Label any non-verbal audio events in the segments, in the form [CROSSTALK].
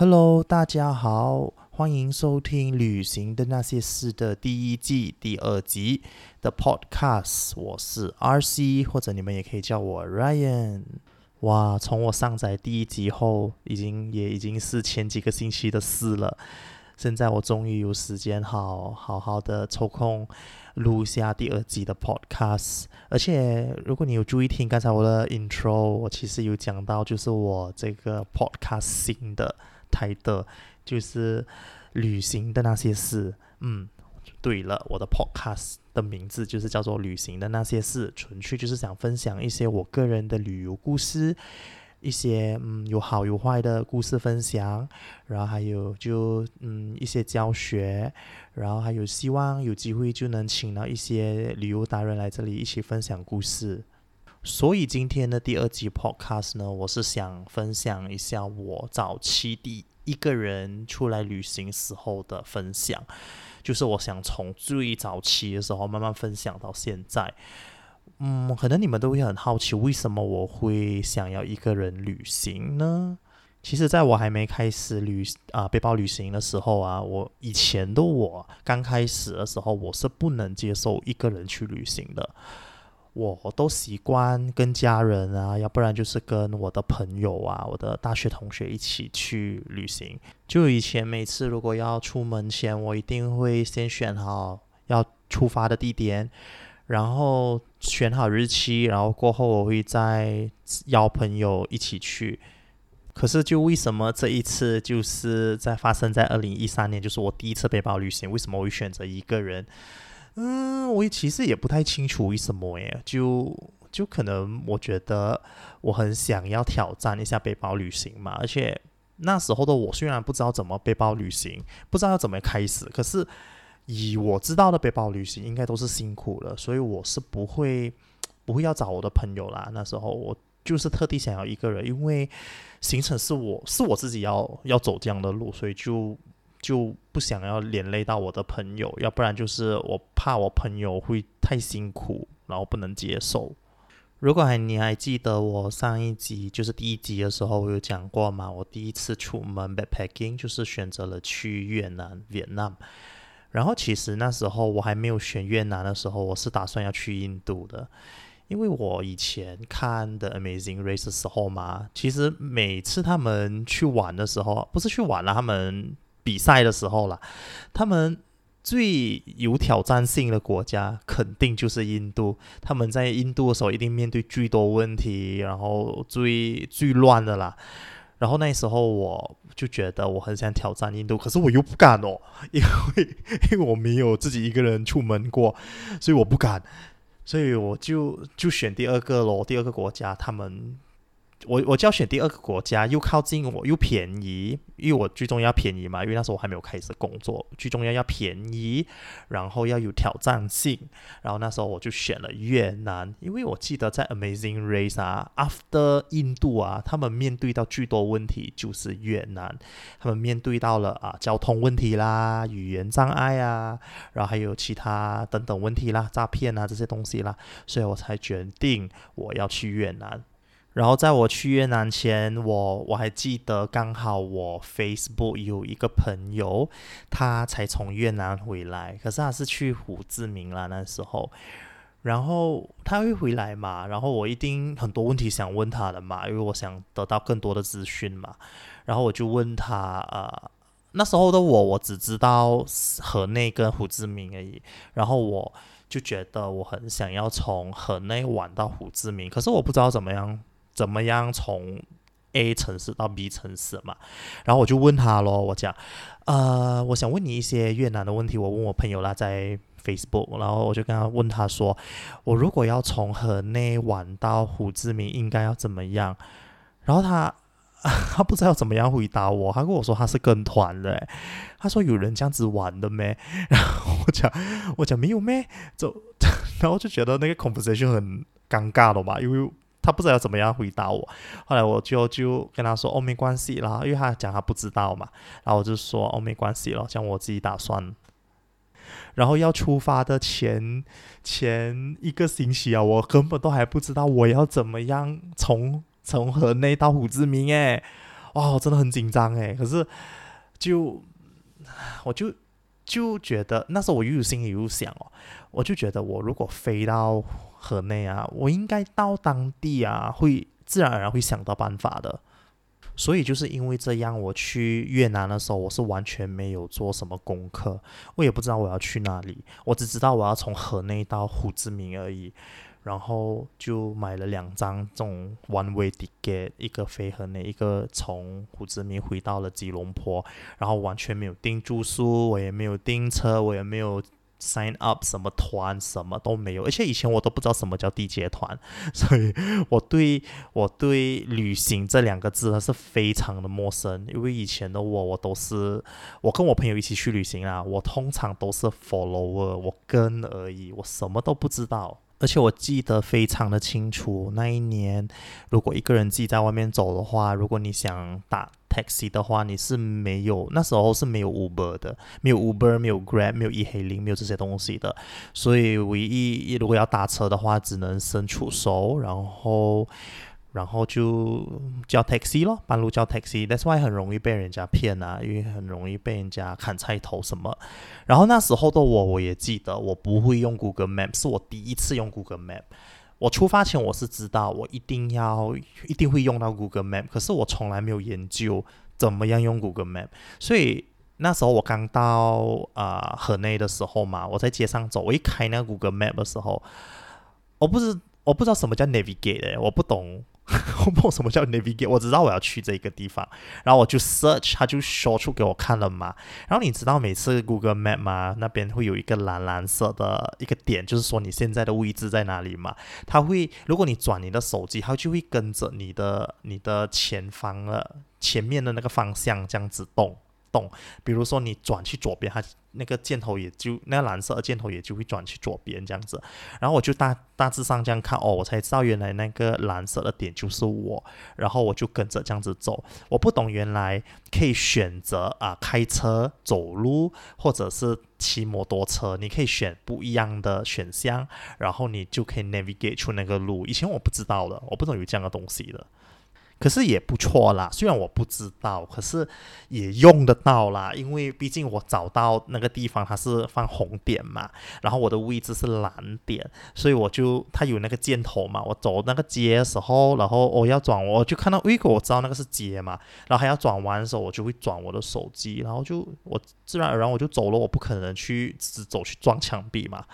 Hello，大家好，歡迎收聽《旅行的那些事》的第一季第二集的 Podcast。我是 RC，或者你們也可以叫我 Ryan。哇，從我上載第一集後，已經也已經是前幾個星期的事了。現在我終於有時間好好好的抽空錄下第二集的 Podcast。而且如果你有注意聽剛才我的 Intro，我其實有講到，就是我這個 Podcast 新的。台的，title，就是旅行的那些事。嗯，對了，我的 podcast 的名字就是叫做《旅行的那些事》，純粹就是想分享一些我個人的旅遊故事，一些嗯有好有壞的故事分享，然後還有就嗯一些教學，然後還有希望有機會就能請到一些旅遊達人來這裡一起分享故事。所以今天的第二集 podcast 呢，我是想分享一下我早期第一個人出來旅行時候的分享，就是我想從最早期的時候慢慢分享到現在。嗯，可能你們都會很好奇，為什麼我會想要一個人旅行呢？其實在我還沒開始旅啊背包旅行的時候啊，我以前的我剛開始的時候，我是不能接受一個人去旅行的。我都習慣跟家人啊，要不然就是跟我的朋友啊、我的大學同學一起去旅行。就以前每次如果要出門前，我一定會先選好要出發的地點，然後選好日期，然後過後我會再邀朋友一起去。可是，就為什麼這一次就是在發生在二零一三年，就是我第一次背包旅行，為什麼我會選擇一個人？嗯，我其實也不太清楚為什麼耶，就就可能我覺得我很想要挑戰一下背包旅行嘛，而且那時候的我雖然不知道怎麼背包旅行，不知道要怎麼開始，可是以我知道的背包旅行應該都是辛苦的，所以我是不會不會要找我的朋友啦。那時候我就是特地想要一個人，因為行程是我是我自己要要走這樣的路，所以就。就不想要連累到我的朋友，要不然就是我怕我朋友會太辛苦，然後不能接受。如果還你還記得我上一集，就是第一集的時候，我有講過嘛，我第一次出門 backpacking 就是選擇了去越南，越南。然後其實那時候我還沒有選越南的時候，我是打算要去印度的，因為我以前看的 Amazing Race 的時候嘛，其實每次他們去玩的時候，不是去玩了，啊、他們。比賽的時候了，他們最有挑戰性的國家肯定就是印度。他們在印度的時候一定面對最多問題，然後最最亂的啦。然後那時候我就覺得我很想挑戰印度，可是我又不敢哦，因為因為我沒有自己一個人出門過，所以我不敢。所以我就就選第二個嘍，第二個國家他們。我我就要選第二個國家，又靠近我又便宜，因為我最重要便宜嘛，因為那時候我還沒有開始工作，最重要要便宜，然後要有挑戰性，然後那時候我就選了越南，因為我記得在 Amazing Race 啊，After 印度啊，他們面對到最多問題就是越南，他們面對到了啊交通問題啦、語言障礙啊，然後還有其他等等問題啦、詐騙啊這些東西啦，所以我才決定我要去越南。然後在我去越南前，我我還記得，剛好我 Facebook 有一個朋友，他才從越南回來，可是他是去胡志明了那時候。然後他會回來嘛，然後我一定很多問題想問他的嘛，因為我想得到更多的資訊嘛。然後我就問他，呃，那時候的我，我只知道河內跟胡志明而已。然後我就覺得我很想要從河內玩到胡志明，可是我不知道怎麼樣。怎麼樣從 A 城市到 B 城市嘛？然後我就問他咯。我講，呃，我想問你一些越南的問題。我問我朋友啦，在 Facebook，然後我就跟他問他說，我如果要從河內玩到胡志明，應該要怎麼樣？然後他他不知道怎麼樣回答我，他跟我說他是跟團的，他說有人這樣子玩的沒？然後我講我講沒有沒，就然後就覺得那個 conversation 很尷尬了嘛，因為。他不知道要怎麼樣回答我，後來我就就跟他說哦，沒關係啦，因為他講他不知道嘛，然後我就說哦，沒關係了，講我自己打算。然後要出發的前前一個星期啊，我根本都還不知道我要怎麼樣從從河內到胡志明誒，哇、哦，真的很緊張誒，可是就我就就覺得那時候我又有心裡又想哦，我就覺得我如果飛到。河內啊，我應該到當地啊，會自然而然會想到辦法的。所以就是因為這樣，我去越南的時候，我是完全沒有做什麼功課，我也不知道我要去哪裡，我只知道我要從河內到胡志明而已。然後就買了兩張這種 one way ticket，一個飛河內，一個從胡志明回到了吉隆坡。然後完全沒有訂住宿，我也沒有訂車，我也沒有。sign up 什麼團什麼都沒有，而且以前我都不知道什麼叫地接團，所以我對我對旅行這兩個字呢是非常的陌生，因為以前的我，我都是我跟我朋友一起去旅行啊，我通常都是 follower 我跟而已，我什麼都不知道，而且我記得非常的清楚，那一年如果一個人自己在外面走的話，如果你想打。taxi 的話你是沒有，那時候是沒有 Uber 的，沒有 Uber，沒有 Grab，沒有 E-Hailing，沒有這些東西的，所以唯一如果要打車的話，只能伸出手，然後然後就叫 taxi 咯，半路叫 taxi，That's why 也很容易被人家騙啊，因為很容易被人家砍菜頭什麼。然後那時候的我我也記得，我不會用 Google Map，是我第一次用 Google Map。我出發前我是知道我一定要一定會用到 Google Map，可是我從來沒有研究怎麼樣用 Google Map，所以那時候我剛到啊、呃、河內的時候嘛，我在街上走，我一開那 Google Map 的時候，我不知我不知道什麼叫 navigate，我不懂。 [LAUGHS] 我不懂什麼叫 navigate，我知道我要去這個地方，然後我就 search，它就 show 出給我看了嘛。然後你知道每次 Google Map 嘛，那邊會有一個藍藍色的一個點，就是說你現在的位置在哪裡嘛。它會，如果你轉你的手機，它就會跟着你的你的前方的前面的那個方向這樣子動。動，比如說你轉去左邊，它那個箭頭也就那個、藍色的箭頭也就會轉去左邊這樣子，然後我就大大致上這樣看，哦，我才知道原來那個藍色的點就是我，然後我就跟着這樣子走。我不懂原來可以選擇啊、呃、開車、走路或者是騎摩托車，你可以選不一樣的選項，然後你就可以 navigate 出那個路。以前我不知道的，我不懂有這樣的東西的。可是也不錯啦，雖然我不知道，可是也用得到啦。因為畢竟我找到那個地方，它是放紅點嘛，然後我的位置是藍點，所以我就它有那個箭頭嘛，我走那個街的時候，然後我、哦、要轉，我就看到一個，我知道那個是街嘛，然後還要轉彎的時候，我就會轉我的手機，然後就我自然而然我就走了，我不可能去只走去撞牆壁嘛，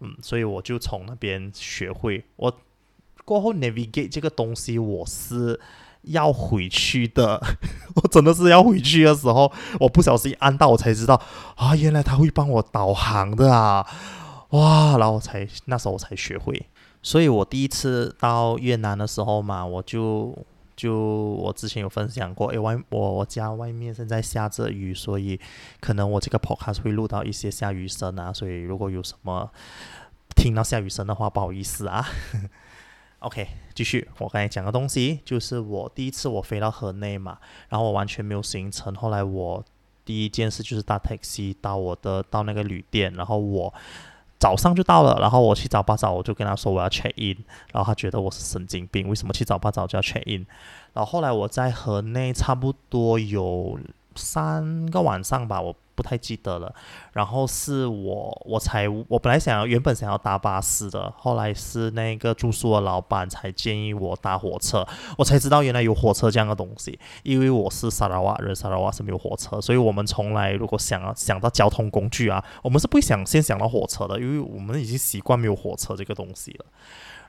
嗯，所以我就從那邊學會我過後 navigate 這個東西，我是。要回去的，我真的是要回去的時候，我不小心按到，我才知道啊，原來他會幫我導航的啊，哇！然後我才那時候我才學會，所以我第一次到越南的時候嘛，我就就我之前有分享過，誒，外我我家外面正在下着雨，所以可能我這個 podcast 會錄到一些下雨聲啊，所以如果有什麼聽到下雨聲的話，不好意思啊。OK，繼續。我剛才講的東西，就是我第一次我飛到河內嘛，然後我完全沒有行程。後來我第一件事就是搭 taxi 到我的到那個旅店，然後我早上就到了，然後我七早八早，我就跟他說我要 check in，然後他覺得我是神經病，為什麼七早八早就要 check in？然後後來我在河內差不多有三個晚上吧，我。不太記得了，然後是我，我才我本來想要原本想要搭巴士的，後來是那個住宿的老闆才建議我搭火車，我才知道原來有火車這樣的東西。因為我是砂拉越人，砂拉越是沒有火車，所以我們從來如果想要想到交通工具啊，我們是不會想先想到火車的，因為我們已經習慣沒有火車這個東西了。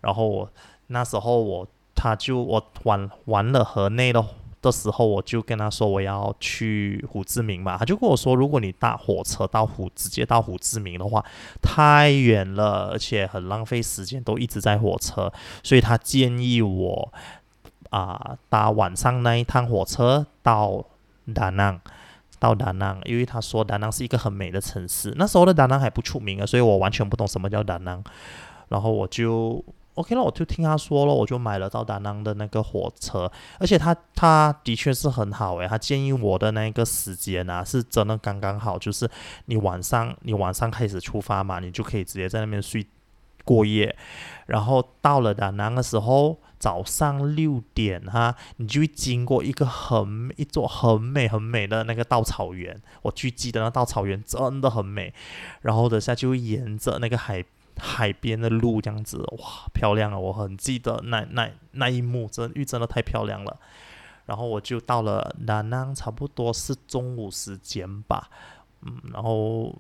然後我那時候我他就我玩玩了河內的。的時候，我就跟他說我要去胡志明嘛，他就跟我說，如果你搭火車到胡直接到胡志明的話，太遠了，而且很浪費時間，都一直在火車，所以他建議我啊、呃、搭晚上那一趟火車到 Danang，到 Danang，因為他說 Danang 是一個很美的城市，那時候的 Danang 還不出名啊，所以我完全不懂什麼叫 Danang，然後我就。OK，那我就聽他說了，我就買了到達南 an 的那個火車，而且他他的確是很好誒，他建議我的那個時間啊是真的剛剛好，就是你晚上你晚上開始出發嘛，你就可以直接在那邊睡過夜，然後到了達南 an 的時候早上六點哈，你就經過一個很一座很美很美的那個稻草原。我去記得那稻草原真的很美，然後等下就沿着那個海邊。海邊的路這樣子，哇，漂亮啊！我很記得那那那一幕，真玉真的太漂亮了。然後我就到了南安，差不多是中午時間吧。嗯，然後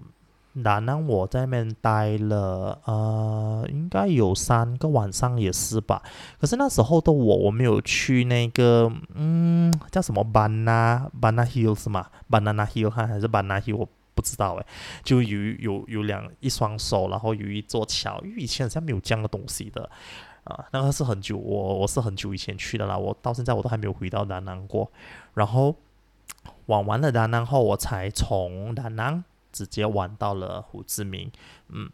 南安我在那邊待了呃，應該有三個晚上也是吧。可是那時候的我，我沒有去那個嗯，叫什麼班納，banana hills 嘛，banana hills 還是 banana hill？不知道哎、欸，就有有有兩一雙手，然後有一座橋，因為以前好像沒有這樣的東西的，啊，那個是很久我我是很久以前去的啦，我到現在我都還沒有回到南南過，然後玩完了南南後，我才從南南直接玩到了胡志明，嗯。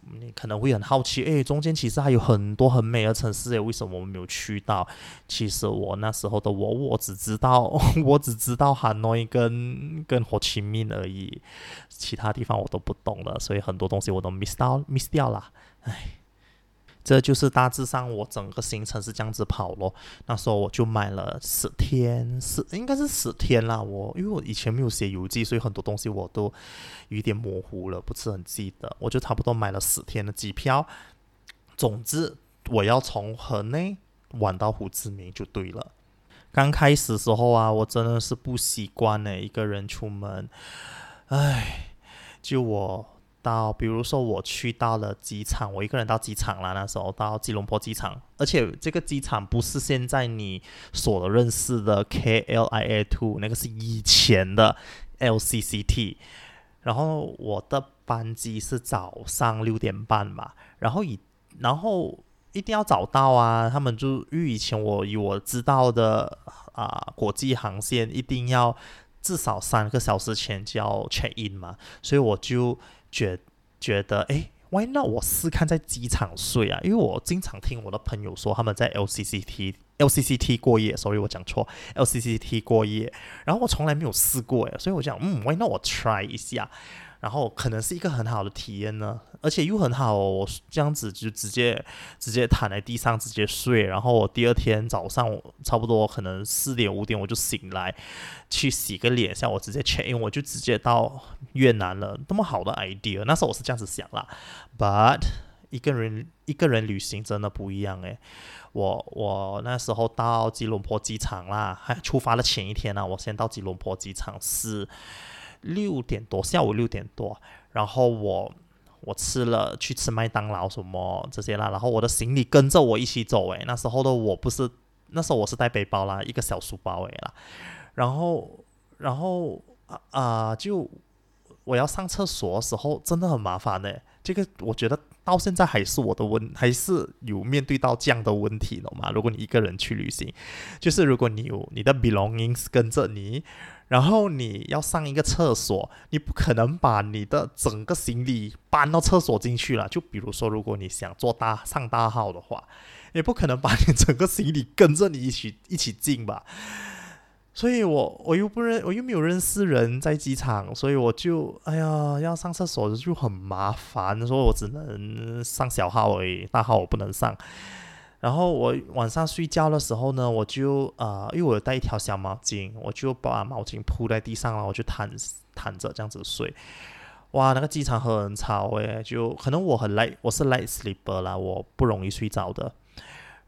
你可能會很好奇，誒，中間其實還有很多很美的城市誒，為什麼我沒有去到？其實我那時候的我，我只知道，我只知道 Hanoi 跟跟 Ho Chi Minh 而已，其他地方我都不懂了。所以很多東西我都 miss 掉，miss 掉了，唉。這就是大致上我整個行程是這樣子跑咯。那時候我就買了十天，是應該是十天啦。我因為我以前沒有寫遊記，所以很多東西我都有點模糊了，不是很記得。我就差不多買了十天的機票。總之，我要從河內玩到胡志明就對了。剛開始時候啊，我真的是不習慣呢、欸，一個人出門，唉，就我。到，比如說我去到了機場，我一個人到機場了。那時候到吉隆坡機場，而且這個機場不是現在你所認識的 K L I A 2，那個是以前的 L C C T。然後我的班機是早上六點半嘛，然後以，然後一定要早到啊。他們就因為以前我以我知道的啊國際航線一定要。至少三個小時前就要 check in 嘛，所以我就覺覺得，哎，why not 我試看在機場睡啊？因為我經常聽我的朋友說他們在 LCCT LCCT 過夜，所以我講錯 LCCT 過夜，然後我從來沒有試過哎，所以我講，嗯，why not 我 try 一下？然後可能是一個很好的體驗呢，而且又很好、哦，我這樣子就直接直接躺在地上直接睡，然後我第二天早上我差不多可能四點五點我就醒來，去洗個臉，像我直接 check in, 我就直接到越南了，那麼好的 idea，那時候我是這樣子想啦，But 一個人一個人旅行真的不一樣誒。我我那時候到吉隆坡機場啦，還出發的前一天呢、啊，我先到吉隆坡機場是。六點多，下午六點多，然後我我吃了去吃麥當勞什麼這些啦，然後我的行李跟着我一起走，誒，那時候的我不是，那時候我是帶背包啦，一個小書包誒啦。然後然後啊、呃、就我要上廁所的時候真的很麻煩誒。這個我覺得到現在還是我的問，還是有面對到這樣的問題的嘛？如果你一個人去旅行，就是如果你有你的 belongings 跟着你。然後你要上一個廁所，你不可能把你的整個行李搬到廁所進去了。就比如說，如果你想坐大上大號的話，也不可能把你整個行李跟着你一起一起進吧。所以我我又不認我又沒有認識人在機場，所以我就哎呀，要上廁所就很麻煩。所以我只能上小號而已，大號我不能上。然後我晚上睡覺的時候呢，我就呃，因為我有帶一條小毛巾，我就把毛巾鋪在地上了，我就躺躺着這樣子睡。哇，那個機場很吵誒，就可能我很累，我是 light sleeper 啦，我不容易睡着的。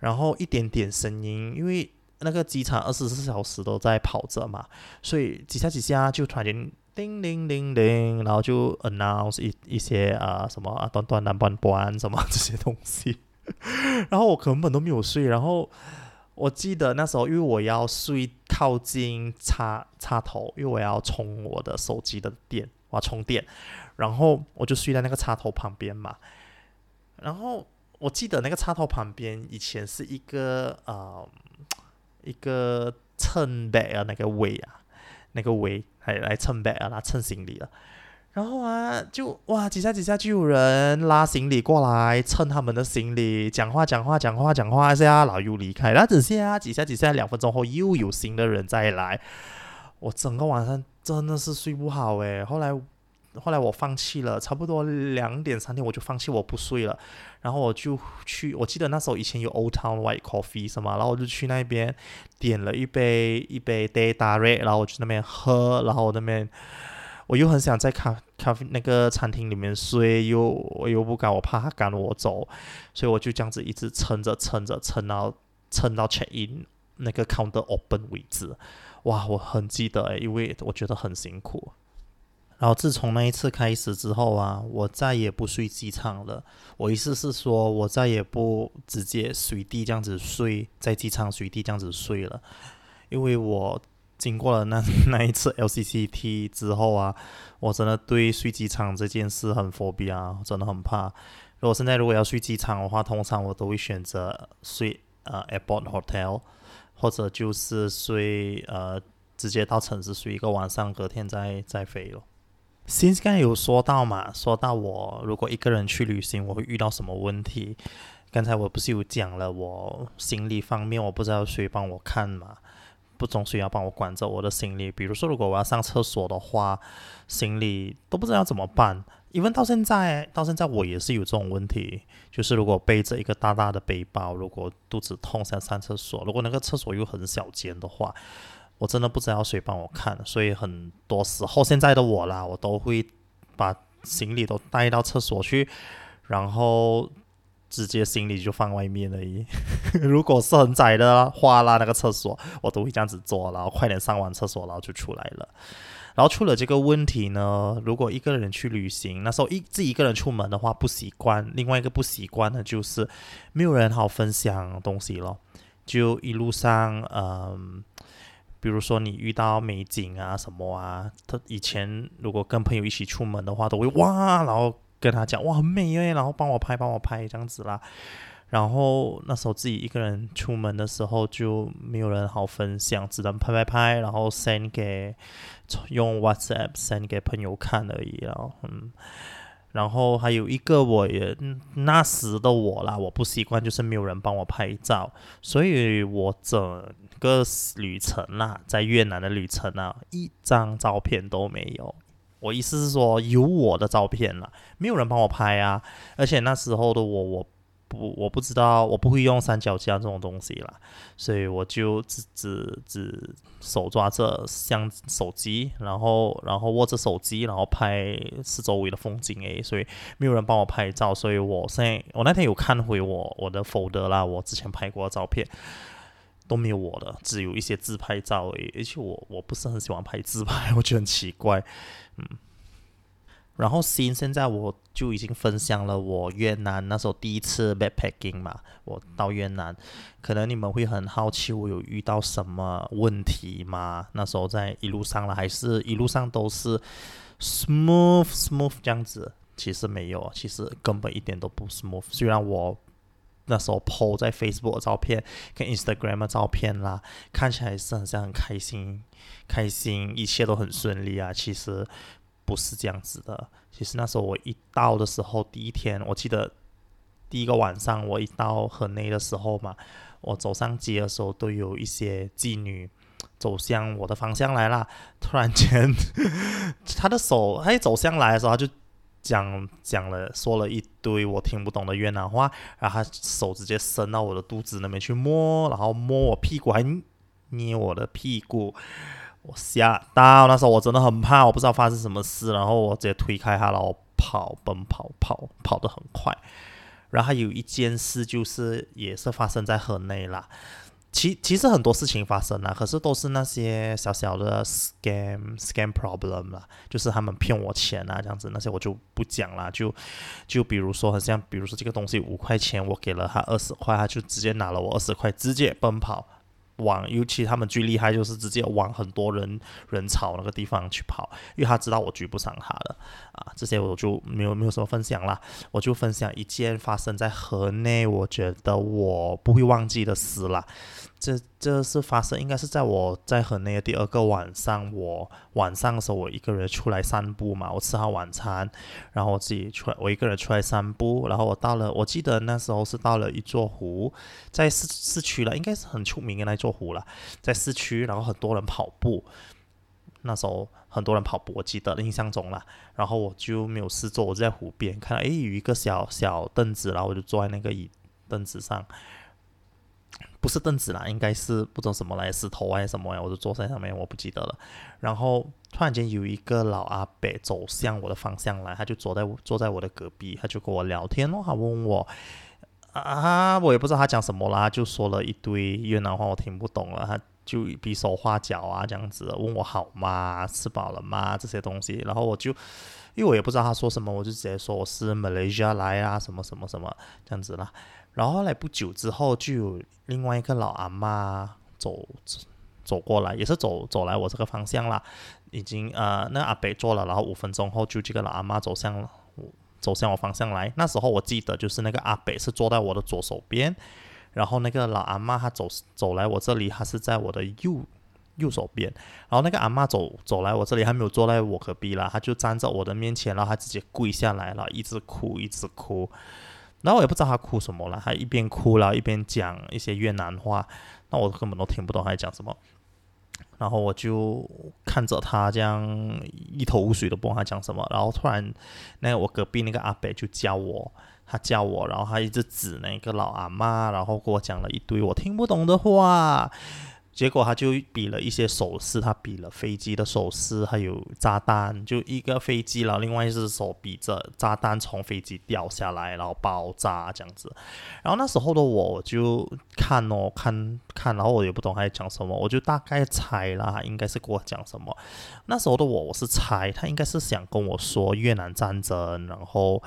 然後一點點聲音，因為那個機場二十四小時都在跑着嘛，所以幾下幾下就突然間叮鈴鈴鈴，然後就 announce 一一些啊、呃、什麼啊端斷斷端不什麼這些東西。 [LAUGHS] 然後我根本都沒有睡，然後我記得那時候因為我要睡靠近插插頭，因為我要充我的手機的電，我要充電，然後我就睡在那個插頭旁邊嘛。然後我記得那個插頭旁邊以前是一個呃一個秤背啊，那個位啊，那個位還來秤背啊，拿秤行李啊。然後啊，就哇幾下幾下就有人拉行李過來蹭他們的行李，講話講話講話講話一下，然後又離開，那只是啊幾下幾下，幾下，幾下兩分鐘後又有新的人再來，我整個晚上真的是睡不好誒。後來後來我放棄了，差不多兩點三點我就放棄我不睡了，然後我就去，我記得那時候以前有 Old Town White Coffee 什麼，然後我就去那邊點了一杯一杯 Data Red，然後我去那邊喝，然後我那邊。我又很想在咖咖啡那個餐廳裡面睡，又我又不敢，我怕他趕我走，所以我就這樣子一直撐着，撐着，撐啊，撐到 check in 那個 counter open 為止。哇，我很記得，哎，因為我覺得很辛苦。然後自從那一次開始之後啊，我再也不睡機場了。我意思是說，我再也不直接隨地這樣子睡，在機場隨地這樣子睡了，因為我。經過了那那一次 LCCT 之後啊，我真的對睡機場這件事很 phobia 啊，真的很怕。如果現在如果要睡機場的話，通常我都會選擇睡呃 Airport Hotel，或者就是睡呃直接到城市睡一個晚上，隔天再再飛了，哦。Since、剛才有說到嘛，說到我如果一個人去旅行，我會遇到什麼問題？剛才我不是有講了，我行李方面我不知道誰幫我看嘛。總是要幫我管着我的行李，比如說，如果我要上廁所的話，行李都不知道要怎麼辦。因為到現在，到現在我也是有這種問題，就是如果背着一個大大的背包，如果肚子痛想上廁所，如果那個廁所又很小間的話，我真的不知道誰幫我看。所以很多時候，現在的我啦，我都會把行李都帶到廁所去，然後。直接行李就放外面而已。 [LAUGHS] 如果是很窄的話，那個廁所，我都會這樣子做，然後快點上完廁所，然後就出來了。然後出了這個問題呢，如果一個人去旅行，那時候一自己一個人出門的話不習慣，另外一個不習慣呢就是沒有人好分享東西咯。就一路上，嗯、呃，比如說你遇到美景啊什麼啊，他以前如果跟朋友一起出門的話，都會哇，然後。跟他講，哇很美誒，然後幫我拍，幫我拍這樣子啦。然後那時候自己一個人出門的時候就沒有人好分享，只能拍拍拍，然後 send 給用 WhatsApp send 給朋友看而已啦。然後嗯，然後還有一個我也那時的我啦，我不習慣就是沒有人幫我拍照，所以我整個旅程啦、啊，在越南的旅程啊，一張照片都沒有。我意思是說，有我的照片了，沒有人幫我拍啊！而且那時候的我，我不我不知道，我不會用三腳架這種東西啦，所以我就只只只手抓着像手機，然後然後握着手機，然後拍四周圍的風景誒，所以沒有人幫我拍照。所以我現在我那天有看回我我的 folder 啦，我之前拍過的照片都沒有我的，只有一些自拍照誒，而且我我不是很喜歡拍自拍，我覺得很奇怪。嗯，然後新現在我就已經分享了我越南那時候第一次 backpacking 嘛，我到越南，可能你們會很好奇我有遇到什麼問題嗎？那時候在一路上了，還是一路上都是 smooth smooth 這樣子？其實沒有，其實根本一點都不 smooth。雖然我。那時候 PO 在 Facebook 的照片，跟 Instagram 的照片啦，看起來是好像很開心，開心，一切都很順利啊。其實不是這樣子的。其實那時候我一到的時候，第一天我記得第一個晚上我一到河內的時候嘛，我走上街的時候，都有一些妓女走向我的方向來啦。突然間，她的手，她一走向來的時候，她就。講講了說了一堆我聽不懂的越南話，然後他手直接伸到我的肚子那邊去摸，然後摸我屁股還捏我的屁股，我嚇到，那時候我真的很怕，我不知道發生什麼事，然後我直接推開他，然後跑奔跑跑跑得很快，然後還有一件事就是也是發生在河內啦。其其實很多事情發生啦，可是都是那些小小的 scam scam problem 啦，就是他們騙我錢啊，這樣子那些我就不講啦，就就比如說，好像比如說這個東西五塊錢，我給了他二十塊，他就直接拿了我二十塊，直接奔跑。往尤其他們最厲害就是直接往很多人人潮那個地方去跑，因為他知道我追不上他的。啊！這些我就沒有沒有什麼分享啦，我就分享一件發生在河內，我覺得我不會忘記的事啦。這這是發生，應該是在我在和那個第二個晚上，我晚上的時候，我一個人出來散步嘛，我吃好晚餐，然後我自己出來，我一個人出來散步，然後我到了，我記得那時候是到了一座湖，在市市區了，應該是很出名的那座湖了，在市區，然後很多人跑步，那時候很多人跑步，我記得印象中了，然後我就沒有事做，我就在湖邊看到，哎，有一個小小凳子，然後我就坐在那個椅凳子上。不是凳子啦，應該是不知道什麼來石頭還是什麼呀，我就坐在上面，我不記得了。然後突然間有一個老阿伯走向我的方向來，他就坐在坐在我的隔壁，他就跟我聊天咯，他問我啊，我也不知道他講什麼啦，就說了一堆越南話我聽不懂了，他就比手畫腳啊，這樣子問我好嗎？吃飽了嗎？這些東西，然後我就因為我也不知道他說什麼，我就直接說我是 Malaysia 來啊，什麼什麼什麼這樣子啦。然後來不久之後，就有另外一個老阿媽走走，走過來，也是走走來我這個方向啦。已經呃，那個、阿北坐了，然後五分鐘後，就這個老阿媽走向走向我方向來。那時候我記得，就是那個阿北是坐在我的左手邊，然後那個老阿媽她走走來我這裡，她是在我的右右手邊。然後那個阿媽走走來我這裡，還沒有坐在我隔壁了，她就站在我的面前，然後她直接跪下來了，一直哭，一直哭。然後我也不知道他哭什麼了，他一邊哭了，然後一邊講一些越南話，那我根本都聽不懂他在講什麼。然後我就看着他這樣一頭霧水，都不懂他講什麼。然後突然，那個我隔壁那個阿伯就叫我，他叫我，然後他一直指那個老阿媽，然後給我講了一堆我聽不懂的話。結果他就比了一些手勢，他比了飛機的手勢，還有炸彈，就一個飛機，然後另外一隻手比着炸彈從飛機掉下來，然後爆炸這樣子。然後那時候的我就看哦，看看，然後我也不懂他在講什麼，我就大概猜啦，應該是跟我講什麼。那時候的我，我是猜他應該是想跟我說越南戰爭，然後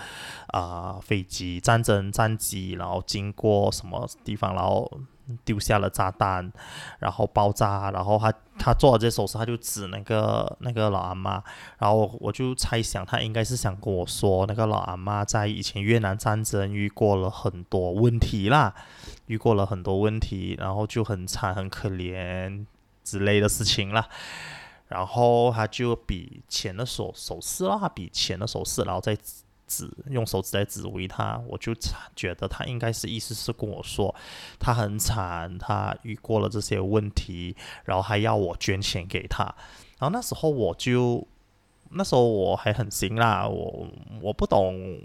啊、呃、飛機戰爭戰機，然後經過什麼地方，然後。丟下了炸彈，然後爆炸，然後他他做了這手勢，他就指那個那個老阿媽，然後我就猜想他應該是想跟我說，那個老阿媽在以前越南戰爭遇過了很多問題啦，遇過了很多問題，然後就很慘很可憐之類的事情啦。然後他就比錢的手手勢，啦，比錢的手勢，然後再。指用手指在指揮他，我就覺得他應該是意思是跟我說他很慘，他遇過了這些問題，然後還要我捐錢給他。然後那時候我就，那時候我還很新啦，我我不懂，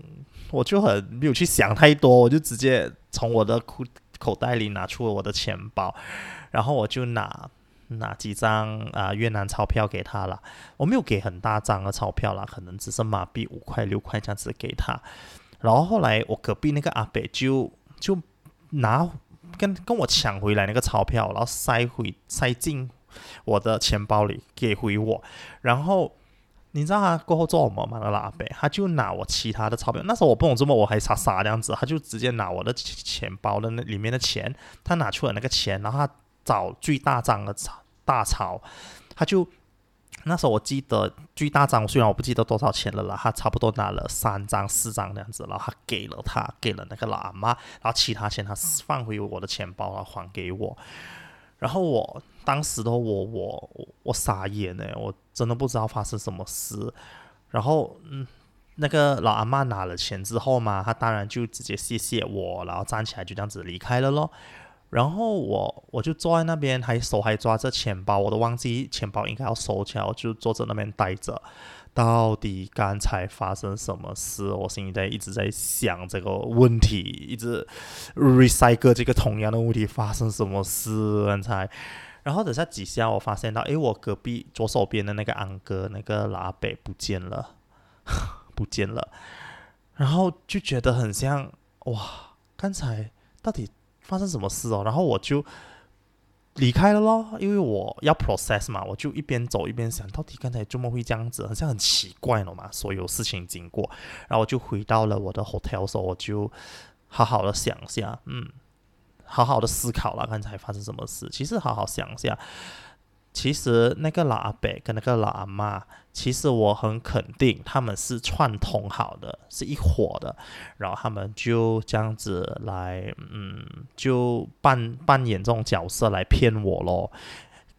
我就很，沒有去想太多，我就直接從我的褲口袋裡拿出了我的錢包，然後我就拿。拿幾張啊，呃，越南鈔票給他了，我沒有給很大張的鈔票了，可能只是馬幣五塊六塊這樣子給他。然後後來我隔壁那個阿伯就就拿跟跟我搶回來那個鈔票，然後塞回塞進我的錢包裡給回我。然後你知道他過後做什麼嗎？那個阿伯他就拿我其他的鈔票，那時候我不懂這麼我還傻傻這樣子，他就直接拿我的錢包的那裡面的錢，他拿出了那個錢，然後他找最大張的鈔。大鈔，他就那時候我記得，最大張，雖然我不記得多少錢了啦，他差不多拿了三張、四張這樣子，然後他給了他，給了那個老阿媽，然後其他錢他放回我的錢包，然後還給我。然後我當時的我我我傻眼呢，我真的不知道發生什麼事。然後嗯，那個老阿媽拿了錢之後嘛，他當然就直接謝謝我，然後站起來就這樣子離開了咯。然後我我就坐在那邊，還手還抓着錢包，我都忘記錢包應該要收起來，我就坐在那邊待着。到底剛才發生什麼事？我心裡在一直在想這個問題，一直 recycle 這個同樣的問題發生什麼事？剛才，然後等下幾下，我發現到，誒，我隔壁左手邊的那個安哥，那個拉貝不見了，不見了。然後就覺得很像，哇，剛才到底？發生什麼事哦？然後我就離開了咯，因為我要 process 嘛，我就一邊走一邊想，到底剛才怎麼會這樣子，好像很奇怪了嘛。所有事情經過，然後我就回到了我的 hotel，so 我就好好的想一下，嗯，好好的思考了剛才發生什麼事。其實好好想一下。其實那個老阿伯跟那個老阿媽，其實我很肯定他們是串通好的，是一夥的。然後他們就這樣子來，嗯，就扮扮演這種角色來騙我咯。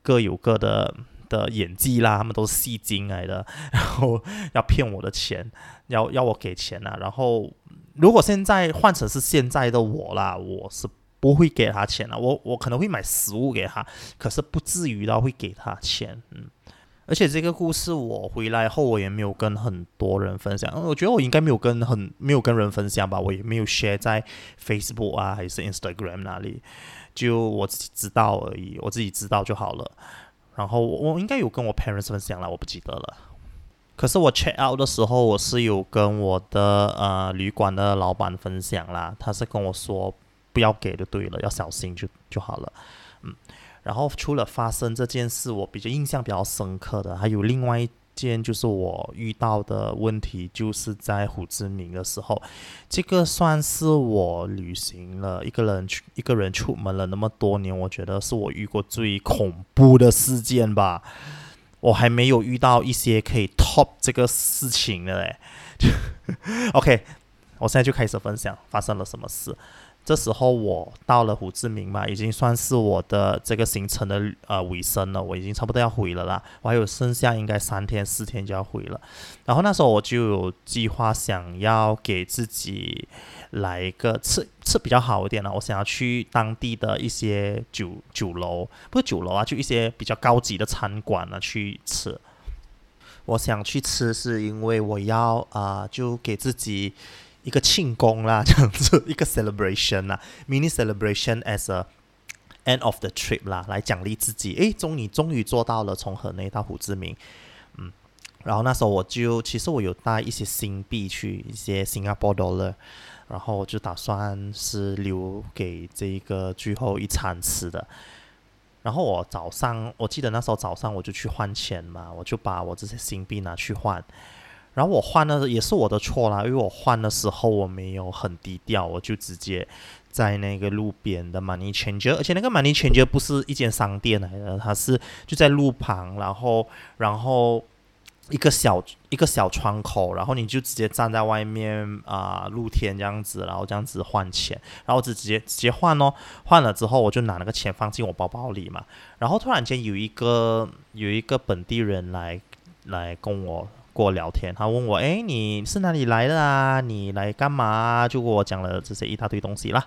各有各的的演技啦，他們都是戲精來的。然後要騙我的錢，要要我給錢啦，啊。然後如果現在換成是現在的我啦，我是。不會給他錢了，啊，我我可能會買食物給他，可是不至於到會給他錢，嗯。而且這個故事我回來後我也沒有跟很多人分享，呃、我覺得我應該沒有跟很沒有跟人分享吧，我也沒有 share 在 Facebook 啊還是 Instagram 那裡，就我自己知道而已，我自己知道就好了。然後我，我應該有跟我 parents 分享了，我不記得了。可是我 check out 的時候我是有跟我的呃旅館的老闆分享啦，他是跟我說。不要給就對了，要小心就就好了，嗯。然後除了發生這件事，我比較印象比較深刻的還有另外一件，就是我遇到的問題，就是在胡志明的時候，這個算是我旅行了一個人去一個人出門了那麼多年，我覺得是我遇過最恐怖的事件吧。我還沒有遇到一些可以 top 這個事情的嘞。 [LAUGHS] OK，我現在就開始分享發生了什麼事。這時候我到了胡志明嘛，已經算是我的這個行程的呃尾聲了，我已經差不多要回了啦，我還有剩下應該三天四天就要回了。然後那時候我就有計劃想要給自己來一個吃吃比較好一點的。啊，我想要去當地的一些酒酒樓，不是酒樓啊，就一些比較高級的餐館啊去吃。我想去吃是因為我要啊、呃，就給自己。一個慶功啦，這樣子一個 celebration 啦 mini celebration as a end of the trip 啦，來獎勵自己。哎，終於終於做到了從河內到胡志明，嗯，然後那時候我就其實我有帶一些新幣去一些 Singapore dollar，然後我就打算是留給這一個最後一餐吃的。然後我早上，我記得那時候早上我就去換錢嘛，我就把我這些新幣拿去換。然後我換的也是我的錯啦，因為我換的時候我沒有很低調，我就直接在那個路邊的 money changer，而且那個 money changer 不是一間商店來的，它是就在路旁，然後然後一個小一個小窗口，然後你就直接站在外面啊、呃、露天這樣子，然後這樣子換錢，然後我直接直接換哦，換了之後我就拿那個錢放進我包包裡嘛，然後突然間有一個有一個本地人來來跟我。過聊天，他問我：“哎，你是哪裡來的啊？你來幹嘛啊？”就跟我講了這些一大堆東西啦。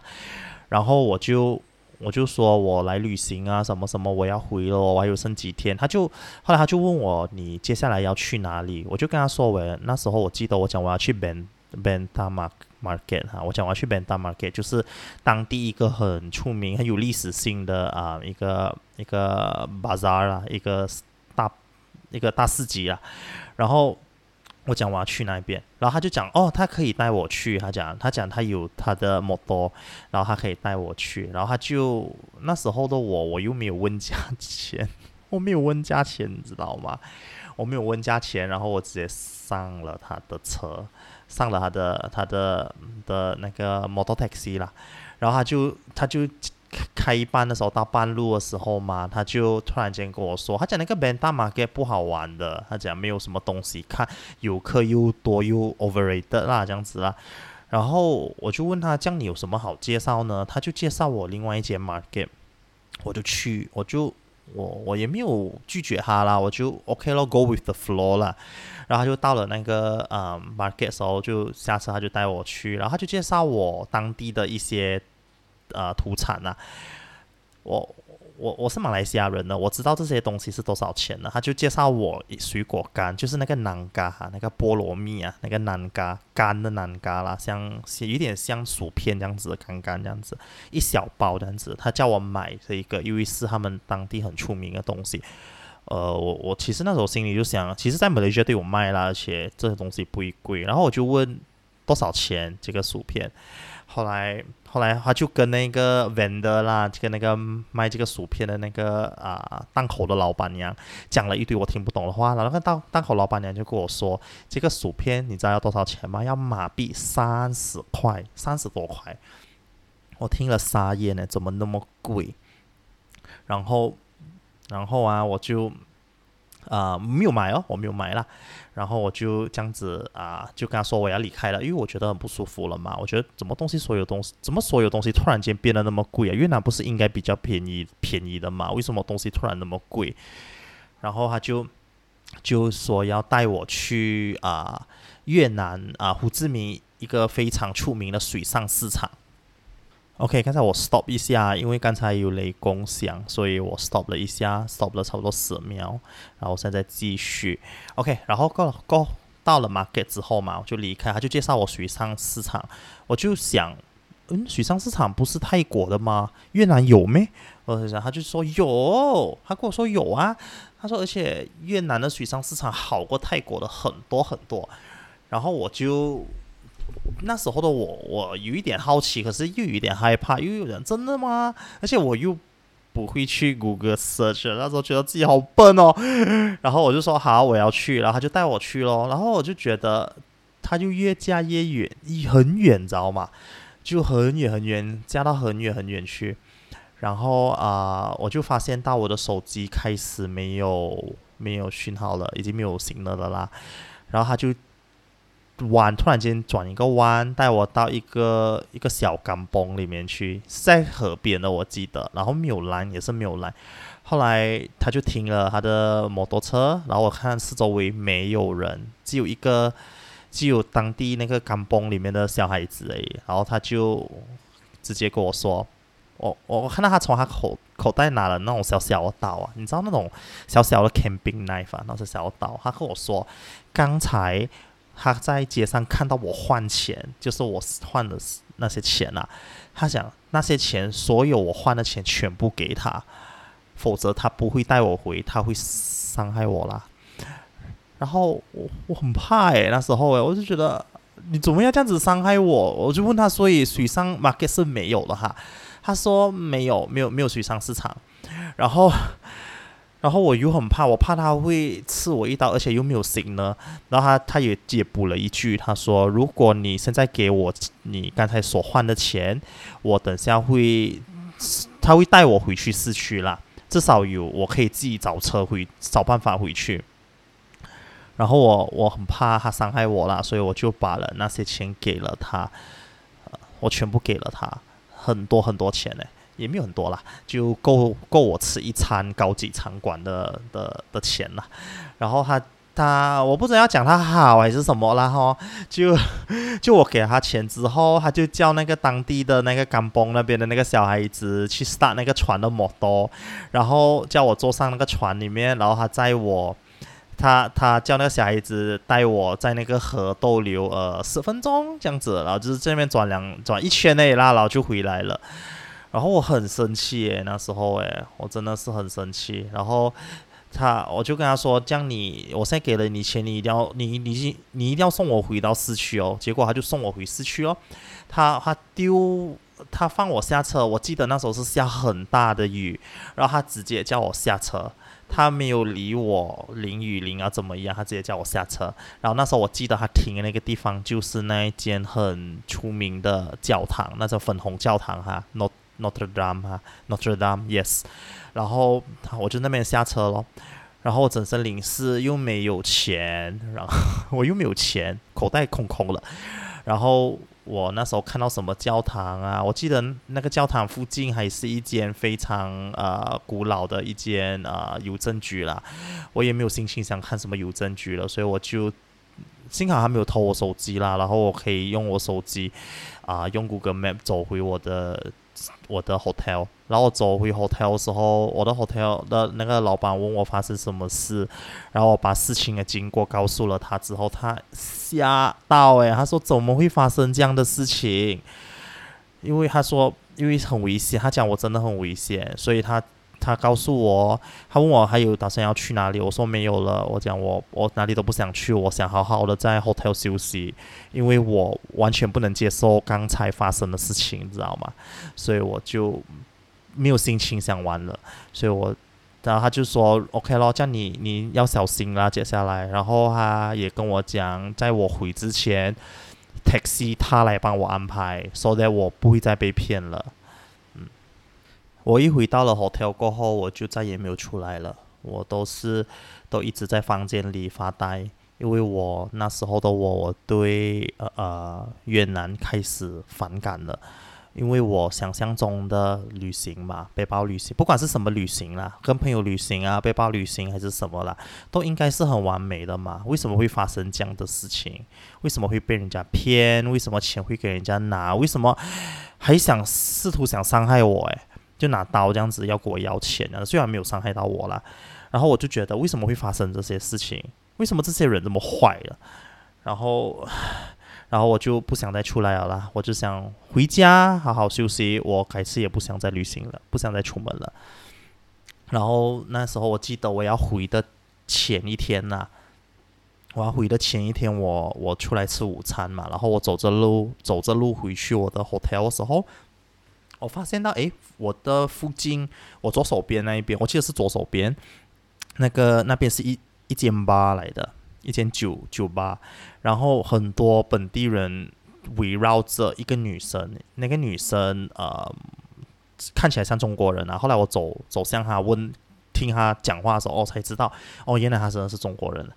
然後我就我就說我來旅行啊，什麼什麼，我要回了，我還有剩幾天。他就後來他就問我：“你接下來要去哪裡？”我就跟他說：“我那時候我記得我講我要去 Ben Ben Thanh Market 哈，我講我要去 Ben Thanh Market，就是當地一個很出名、很有歷史性的啊一個一個 bazaar 啦啊，一個大一個大市集啊。”然後我講我要去那邊，然後他就講哦，他可以帶我去。他講他講他有他的摩托，然後他可以帶我去。然後他就那時候的我，我又沒有問價錢，我沒有問價錢，你知道嗎？我沒有問價錢，然後我直接上了他的車，上了他的他的的那個摩托 taxi 啦，然後他就他就。開一半的時候，到半路的時候嘛，他就突然間跟我說，他講那個 Ben 大 market 不好玩的，他講沒有什麼東西看，有有有，遊客又多又 overrated 啦這樣子啦。然後我就問他，這樣你有什麼好介紹呢？他就介紹我另外一間 market，我就去，我就我我也沒有拒絕他啦，我就 OK 咯，go with the flow 啦。然後他就到了那個嗯、呃、market 時候，就下車他就帶我去，然後他就介紹我當地的一些。呃，土產吶、啊，我我我是馬來西亞人呢，我知道這些東西是多少錢呢？他就介紹我水果乾，就是那個南咖哈、啊，那個菠蘿蜜啊，那個南咖乾的南咖啦，像有點像，像薯片這樣子，乾乾這樣子，一小包這樣子，他叫我買這一個，因為是他們當地很出名的東西。呃，我我其實那時候心裡就想，其實，在馬來西亞都有賣啦，而且這些東西也不貴。然後我就問多少錢這個薯片，後來。後來他就跟那個 vendor 啦，就、這、跟、個、那個賣這個薯片的那個啊、呃、檔口的老板娘講了一堆我聽不懂的話。然後那個檔口老板娘就跟我說：“這個薯片你知道要多少錢嗎？要馬幣三十塊，三十多塊。”我聽了傻眼了，怎麼那麼貴？然後，然後啊，我就啊、呃、沒有買哦，我沒有買啦。然後我就這樣子啊、呃，就跟他說我要離開了，因為我覺得很不舒服了嘛。我覺得怎麼東西所有東西怎麼所有東西突然間變得那麼貴啊？越南不是應該比較便宜便宜的嘛？為什麼東西突然那麼貴？然後他就就說要帶我去啊、呃、越南啊、呃、胡志明一個非常出名的水上市場。OK，剛才我 stop 一下，因為剛才有雷公響，所以我 stop 了一下，stop 了差不多十秒，然後現在繼續。OK，然後到到到了 market 之後嘛，我就離開，他就介紹我水上市場，我就想，嗯，水上市場不是泰國的嗎？越南有沒？我就想，他就說有，他跟我說有啊，他說而且越南的水上市場好過泰國的很多很多，然後我就。那時候的我，我有一點好奇，可是又有一點害怕，又有人真的嗎？而且我又不會去谷歌 search，那時候覺得自己好笨哦。然後我就說好，我要去，然後他就帶我去咯，然後我就覺得，他就越加越遠，很遠，你知道嗎？就很遠很遠，加到很遠很遠去。然後啊、呃，我就發現到我的手機開始沒有沒有訊號了，已經沒有信號了的啦。然後他就。彎，突然間轉一個彎，帶我到一個一個小甘榜裡面去，是在河邊的我記得，然後沒有攔也是沒有攔。後來他就停了他的摩托車，然後我看四周圍沒有人，只有一個只有當地那個甘榜裡面的小孩子哎，然後他就直接跟我說：“我我看到他從他口口袋拿了那種小小的刀啊，你知道那種小小的 camping knife 啊，那是小刀。”他跟我說剛才。他在街上看到我換錢，就是我換的那些錢啊，他想那些錢，所有我換的錢全部給他，否則他不會帶我回，他會傷害我啦。然後我我很怕哎，那時候哎，我就覺得你怎麼要這樣子傷害我？我就問他，所以水上 market 是沒有的哈？他說沒有，沒有，沒有水上市場。然後。然後我又很怕，我怕他會刺我一刀，而且又沒有醒呢。然後他他也也補了一句，他說：“如果你現在給我你剛才所換的錢，我等下會，他會帶我回去市區啦，至少有，我可以自己找車回，找辦法回去。”然後我我很怕他傷害我了，所以我就把了那些錢給了他，我全部給了他，很多很多錢呢、欸。也沒有很多啦，就夠夠我吃一餐高級餐館的的的錢了。然後他他我不知道要講他好還是什麼，啦，哈，就就我給他錢之後，他就叫那個當地的那個甘榜那邊的那個小孩子去 start 那個船的摩托，然後叫我坐上那個船裡面，然後他載我，他他叫那個小孩子帶我在那個河逗留呃十分鐘這樣子，然後就是這邊轉兩轉一圈那裡啦，然後就回來了。然後我很生氣耶，那時候誒，我真的是很生氣。然後他，我就跟他說：“這樣你，我現在給了你錢，你一定要，你你你一定要送我回到市區哦。”結果他就送我回市區哦。他他丟，他放我下車。我記得那時候是下很大的雨，然後他直接叫我下車，他沒有理我淋雨淋啊怎麼樣，他直接叫我下車。然後那時候我記得他停的那個地方就是那一間很出名的教堂，那叫粉紅教堂哈。Notre Dame 啊，Notre Dame，Yes，然後我就那邊下車咯，然後我整身淋濕又沒有錢，然後我又沒有錢，口袋空空了，然後我那時候看到什麼教堂啊，我記得那個教堂附近還是一間非常呃古老的，一間呃郵政局啦，我也沒有心情想看什麼郵政局了，所以我就幸好他沒有偷我手機啦，然後我可以用我手機啊、呃、用 Google Map 走回我的。我的 hotel，然後我走回 hotel 時候，我的 hotel 的那個老闆問我發生什麼事，然後我把事情的經過告訴了他之後，他嚇到誒，他說怎麼會發生這樣的事情？因為他說因為很危險，他講我真的很危險，所以他。他告訴我，他問我還有打算要去哪裡，我說沒有了。我講我我哪裡都不想去，我想好好的在 hotel 休息，因為我完全不能接受剛才發生的事情，你知道嗎？所以我就沒有心情想玩了。所以我，我然後他就說 OK 咯，叫你你要小心啦。接下來，然後他也跟我講，在我回之前，taxi 他來幫我安排，說 so that 我不會再被騙了。我一回到了 hotel 過後，我就再也沒有出來了。我都是都一直在房間裡發呆，因為我那時候的我，我對呃越南開始反感了，因為我想象中的旅行嘛，背包旅行，不管是什麼旅行啦，跟朋友旅行啊，背包旅行還是什麼啦，都應該是很完美的嘛。為什麼會發生這樣的事情？為什麼會被人家騙？為什麼錢會給人家拿？為什麼還想試圖想傷害我誒？哎。就拿刀這樣子要給我要錢啊，雖然沒有傷害到我啦，然後我就覺得為什麼會發生這些事情？為什麼這些人這麼壞了啊？然後，然後我就不想再出來了啦。我就想回家好好休息。我改次也不想再旅行了，不想再出門了。然後那時候我記得我要回的前一天吶，我要回的前一天我，我我出來吃午餐嘛，然後我走着路走着路回去我的 hotel 的時候，我發現到，誒，我的附近，我左手邊那一邊，我記得是左手邊，那個那邊是一一間吧來的，一間酒酒吧，然後很多本地人圍繞着一個女生，那個女生呃看起來像中國人啊。後來我走走向她問，聽她講話的時候，哦我才知道，哦原來她真的是中國人。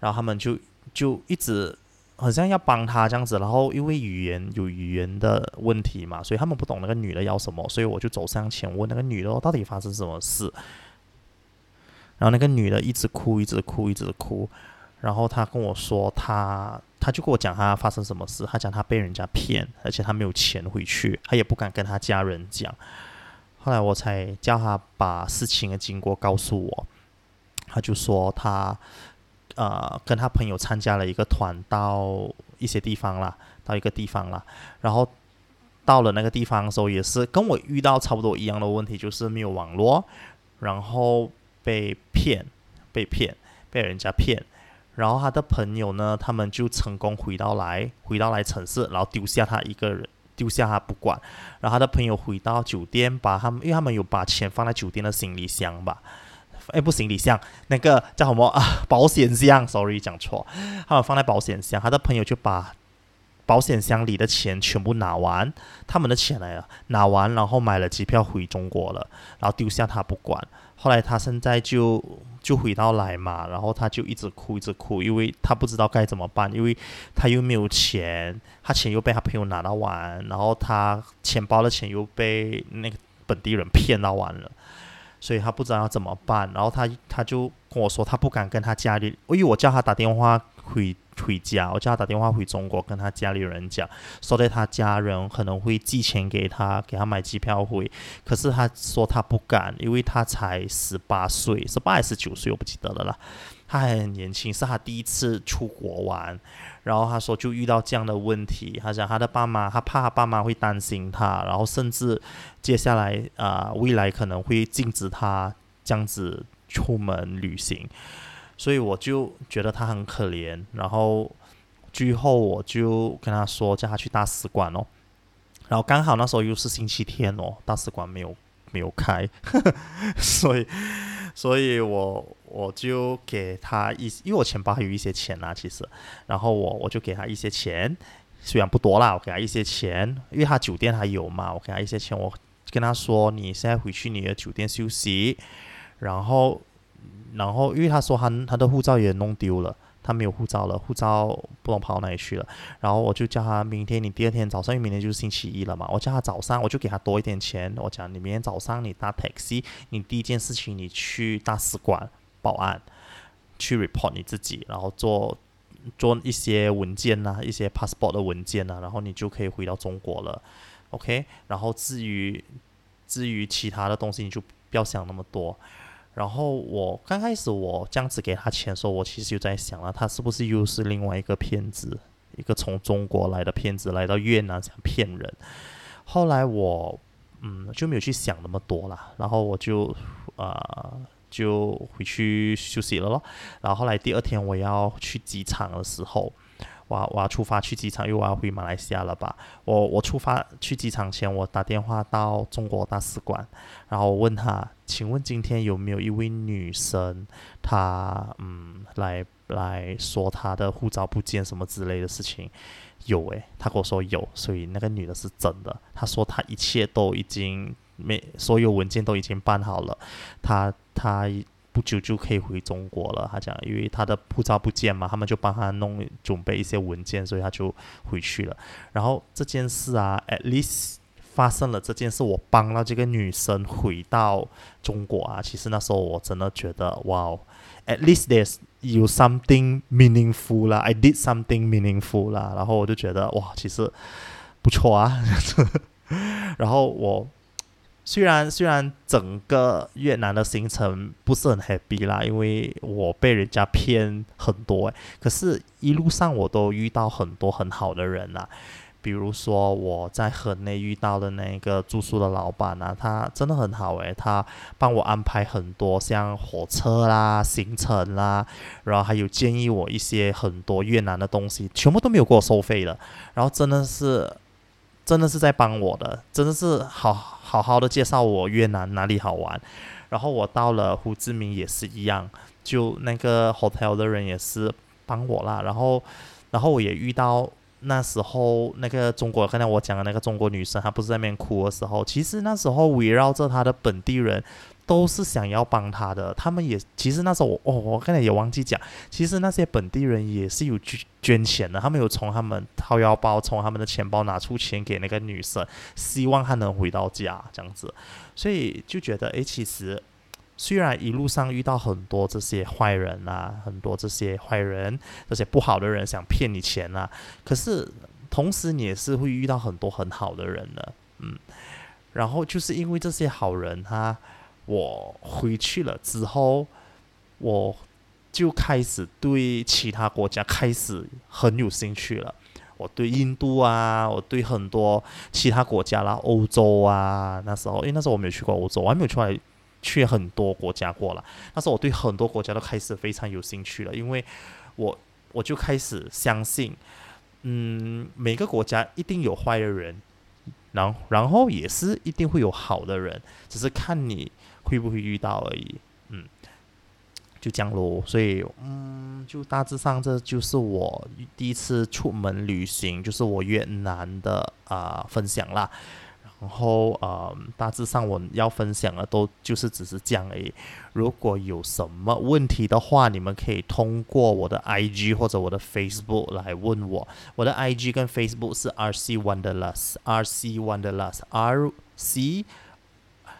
然後他們就就一直。好像要幫他這樣子，然後因為語言有語言的問題嘛，所以他們不懂那個女的要什麼，所以我就走上前問那個女的到底發生什麼事。然後那個女的一直哭，一直哭，一直哭。然後她跟我說，她她就跟我講她發生什麼事，她講她被人家騙，而且她沒有錢回去，她也不敢跟她家人講。後來我才叫她把事情的經過告訴我，她就說她。呃，跟他朋友參加了一個團，到一些地方了，到一個地方了，然後到了那個地方的時候，也是跟我遇到差不多一樣的問題，就是沒有網絡，然後被騙，被騙，被人家騙，然後他的朋友呢，他們就成功回到來，回到來城市，然後丟下他一個人，丟下他不管，然後他的朋友回到酒店，把他們，因為他們有把錢放在酒店的行李箱吧。誒，不行，行李箱那個叫什麼啊？保險箱，sorry，講錯。他們放在保險箱，他的朋友就把保險箱裡的錢全部拿完，他們的錢來了，拿完，然後買了機票回中國了，然後丟下他不管。後來他現在就就回到來嘛，然後他就一直哭，一直哭，因為他不知道該怎麼辦，因為他又沒有錢，他錢又被他朋友拿到完，然後他錢包的錢又被那個本地人騙到完了。所以他不知道要怎麼辦，然後他他就跟我說，他不敢跟他家裡，因、哎、為我叫他打電話回回家，我叫他打電話回中國跟他家裡人講，說在他家人可能會寄錢給他，給他買機票回，可是他說他不敢，因為他才十八歲，十八還是十九歲我不記得了啦。他還很年輕，是他第一次出國玩，然後他說就遇到這樣的問題，他講他的爸媽，他怕他爸媽會擔心他，然後甚至接下來啊、呃、未來可能會禁止他這樣子出門旅行，所以我就覺得他很可憐，然後最後我就跟他說叫他去大使館哦，然後剛好那時候又是星期天哦，大使館沒有沒有開， [LAUGHS] 所以所以我。我就給他一，因為我錢包還有一些錢吶、啊，其實，然後我我就給他一些錢，雖然不多啦，我給他一些錢，因為他酒店還有嘛，我給他一些錢，我跟他說，你現在回去你的酒店休息，然後，然後因為他說他他的護照也弄丟了，他沒有護照了，護照不知道跑到哪裡去了，然後我就叫他明天你第二天早上，因為明天就是星期一了嘛，我叫他早上我就給他多一點錢，我講你明天早上你搭 taxi，你第一件事情你去大使館。報案，去 report 你自己，然後做做一些文件吶、啊，一些 passport 的文件吶、啊，然後你就可以回到中國了，OK。然後至於至於其他的東西，你就不要想那麼多。然後我剛開始我這樣子給他錢的時候，我其實就在想了，他是不是又是另外一個騙子，一個從中國來的騙子來到越南想騙人。後來我嗯就沒有去想那麼多了，然後我就呃。就回去休息了咯。然後後來第二天我要去機場的時候，我我要出發去機場，因為我要回馬來西亞了吧？我我出發去機場前，我打電話到中國大使館，然後我問他，請問今天有沒有一位女生，她嗯來來說她的護照不見什麼之類的事情？有誒，他跟我說有，所以那個女的是真的。他說他一切都已經。沒，所有文件都已經辦好了，他他不久就可以回中國了。他講，因為他的護照不見嘛，他們就幫他弄準備一些文件，所以他就回去了。然後這件事啊，at least 發生了這件事，我幫了這個女生回到中國啊。其實那時候我真的覺得，哇，at least there's 有 something meaningful 啦，I did something meaningful 啦。然後我就覺得，哇，其實不錯啊。 [LAUGHS] 然後我。雖然雖然整個越南的行程不是很 happy 啦，因為我被人家騙很多誒，可是，一路上我都遇到很多很好的人啦，啊，比如說我在河內遇到的那個住宿的老闆啊，他真的很好誒，他幫我安排很多像火車啦、行程啦，然後還有建議我一些很多越南的東西，全部都沒有給我收費的，然後真的是。真的是在幫我的，真的是好好好的介紹我越南哪裡好玩，然後我到了胡志明也是一樣，就那個 hotel 的人也是幫我啦，然後然後我也遇到那時候那個中國，剛才我講的那個中國女生，她不是在那邊哭的時候，其實那時候圍繞着她的本地人。都是想要幫他的，他們也其實那時候我哦，我剛才也忘記講，其實那些本地人也是有捐捐錢的，他們有從他們掏腰包，從他們的錢包拿出錢給那個女生，希望她能回到家這樣子，所以就覺得誒，其實雖然一路上遇到很多這些壞人啊，很多這些壞人，這些不好的人想騙你錢啊，可是同時你也是會遇到很多很好的人的、啊、嗯，然後就是因為這些好人他、啊。我回去了之後，我就開始對其他國家開始很有興趣了。我對印度啊，我對很多其他國家啦、啊，歐洲啊，那時候因為那時候我沒有去過歐洲，我還沒有出來，去很多國家過了。那時候我對很多國家都開始非常有興趣了，因為我我就開始相信，嗯，每個國家一定有壞的人，然後然後也是一定會有好的人，只是看你。會不會遇到而已，嗯，就講咯。所以，嗯，就大致上這就是我第一次出門旅行，就是我越南的啊、呃、分享啦。然後，呃，大致上我要分享的都就是只是這樣而已。如果有什麼問題的話，你們可以通過我的 IG 或者我的 Facebook 來問我。我的 IG 跟 Facebook 是 RC Wanderlust，RC Wanderlust，RC。C?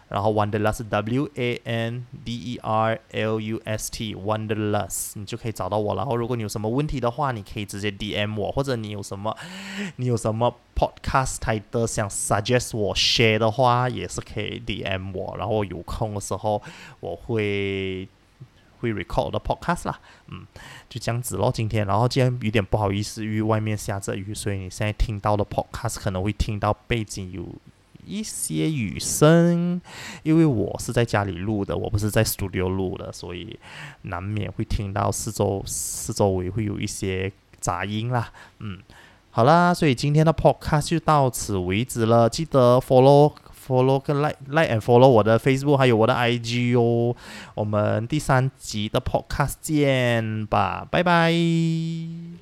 然後 Wanderlust W, less, w A N D E R L U S T Wanderlust，你就可以找到我。然後如果你有什麼問題的話，你可以直接 DM 我，或者你有什麼，你有什麼 podcast title 想 suggest 我 share 的話，也是可以 DM 我。然後有空的時候，我會會 record 我的 podcast 啦。嗯，就這樣子咯。今天，然後今天有點不好意思，因為外面下着雨，所以你現在聽到的 podcast 可能會聽到背景有。一些雨聲，因為我是在家裡錄的，我不是在 studio 錄的，所以難免會聽到四周四周圍會有一些雜音啦。嗯，好啦，所以今天的 podcast 就到此為止了。記得 follow, follow follow 跟 like like and follow 我的 Facebook 還有我的 IG 哦。我們第三集的 podcast 見吧，拜拜。